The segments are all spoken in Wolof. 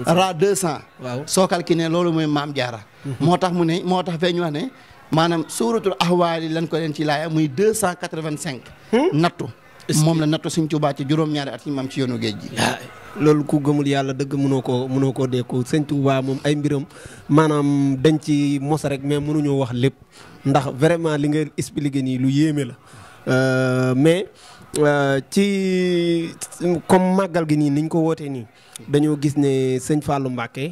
ra 200. waaw soo calculé loolu mooy maam jaara mhm. moo tax mu ne moo tax fee ñu wax ne maanaam suuratul ahwaali lan ko leen ci laaya muy 285. Hmm? nattu moom la nattu suñ Tuubaa ci juróom-ñaari at ñu maam ci yoonu géej gi. loolu ku gëmul yàlla dëgg mënoo koo mënoo koo dékku sëñ Tuubaa moom ay mbiram maanaam dañ ci mos rek mais mënuñoo wax lépp ndax vraiment li nga expliqué nii lu yéeme la euh, mais. Euh, ci comme màggal gi nii niñ ko wootee nii dañoo gis ne sëñ Fallou Mbacké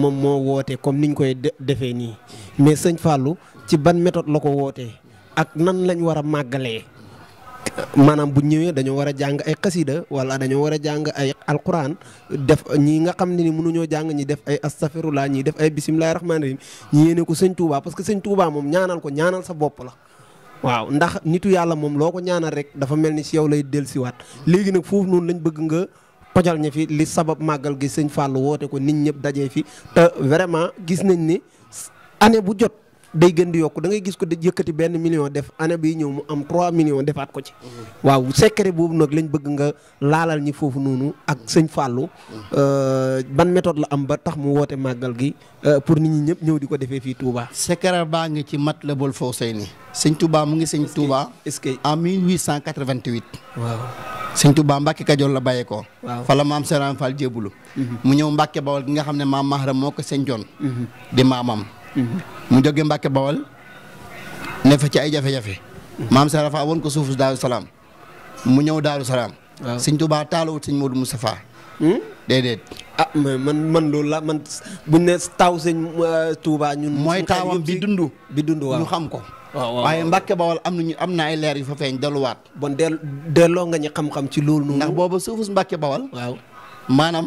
moom moo woote comme niñ koy defee nii mais sëñ Fallou ci ban méthode la ko wootee ak nan lañ war a màggalee maanaam bu ñëwee dañoo war a jàng ay xasida wala dañoo war a jàng ay alquran def ñi nga xam ne ni mënuñoo jàng ñi def ay laa ñi def ay bisimilahi rahmaani rahim ñi yéene ko sëñ Touba parce que sëñ Touba moom ñaanal ko ñaanal sa bopp la waaw ndax nitu yàlla moom loo ko ñaanal rek dafa mel ni si yow lay siwaat léegi nag foofu noonu lañ bëgg nga pajal ñi fi li sabab màggal gis sañ Fallou woote ko nit ñëpp dajee fi te vraiment gis nañ ni année bu jot day gën di yokk da ngay gis ko di yëkkati benn million def année bii ñëw mu am 3 millions defaat ko ci. waaw secret boobu nag lañ bëgg nga laalal ñi foofu noonu ak sëñ Fallou. Euh, ban méthode la am ba tax mu woote màggal gi euh, pour nit ñi ñëpp ñëw di ko defee fii Touba. secret baa ngi ci Matlabul Fawzayni. sëñ Touba mu ngi sëñ Touba. est-ce que en 1888. waaw. sëñ Touba Mbacke Kajoor la bàyyee ko waaw fa la maam Serigne Fall jébulu mhm. mu ñëw Mbacke Bawol gi nga xam ne maam Mahram moo ko sëñ Joon mhm. di maamam. mu jóge Mbàkke Bawol ne fa ci ay jafe-jafe. maam Seex Rafaa woon ko suufu Daaru Salaam mu ñëw Daaru Salaam. waaw sëñ Tuubaa taaluwut sëñ Moodu Mustafaa. Hmm? déedéet. ah man man loolu la man buñ ne taaw sëñ euh, Tuubaa ñun. mooy taawam bi dund. bi dund waaw xam ko. waaye Mbàkke Bawol am nañu am na ay leer yu fa feeñ delluwaat. bon del delloo nga ñu xam-xam ci loolu. noonu ndax booba suufus Mbàkke Bawol. waaw maanaam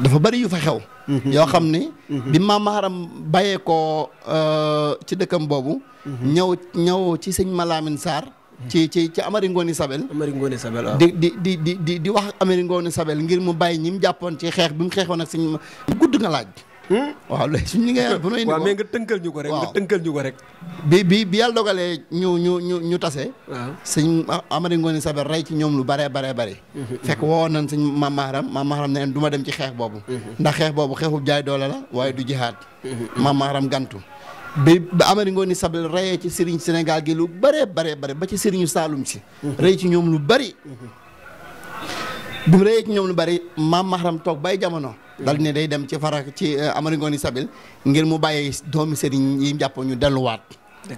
dafa bari yu fa xew. Mm-hmm. yoo xam ni. Mm-hmm. bi maam Maharam bàyyee ko euh, ci dëkkam boobu. Mm-hmm. ñëw ñëw ci sëñ Malamine Sarr. ci ci ci Amari Ngoone Sabel. Amari Ngoone Sabel waaw. di di di di di wax Amari Ngoone Sabel ngir mu bàyyi ñi mu jàppoon ci xeex bi mu xeexoon ak sëñ gudd nga laaj. Hmm? waaw léegi suñu liggéeyaan bu nooy indi waaw mais nga tënkal ñu ko rek nga tënkal ñu ko rek bi bi bi yàlla dogalee ñu ñu ñu ñu tase ah. sëñ Amari Ngoone Saber rey ci ñoom lu baree baree bari fekk nañ sëñ Maam Maharam Maam ne du dem ci xeex boobu ndax boobu xeexub jaay la waaye du jihaad Maam Maharam gantu bi Amari Ngoone Saber reyee ci sëriñ Sénégal gi lu baree baree bari ba ci sëriñu Saalum si rey ci ñoom lu bari bi mu rëyee ci ñoom lu bari maam Mahram toog bay jamono. dal ne day dem ci fara ci euh, Amari Ngoone Sabil ngir mu bàyyi doomi sëriñ yi jàpp ñu delluwaat.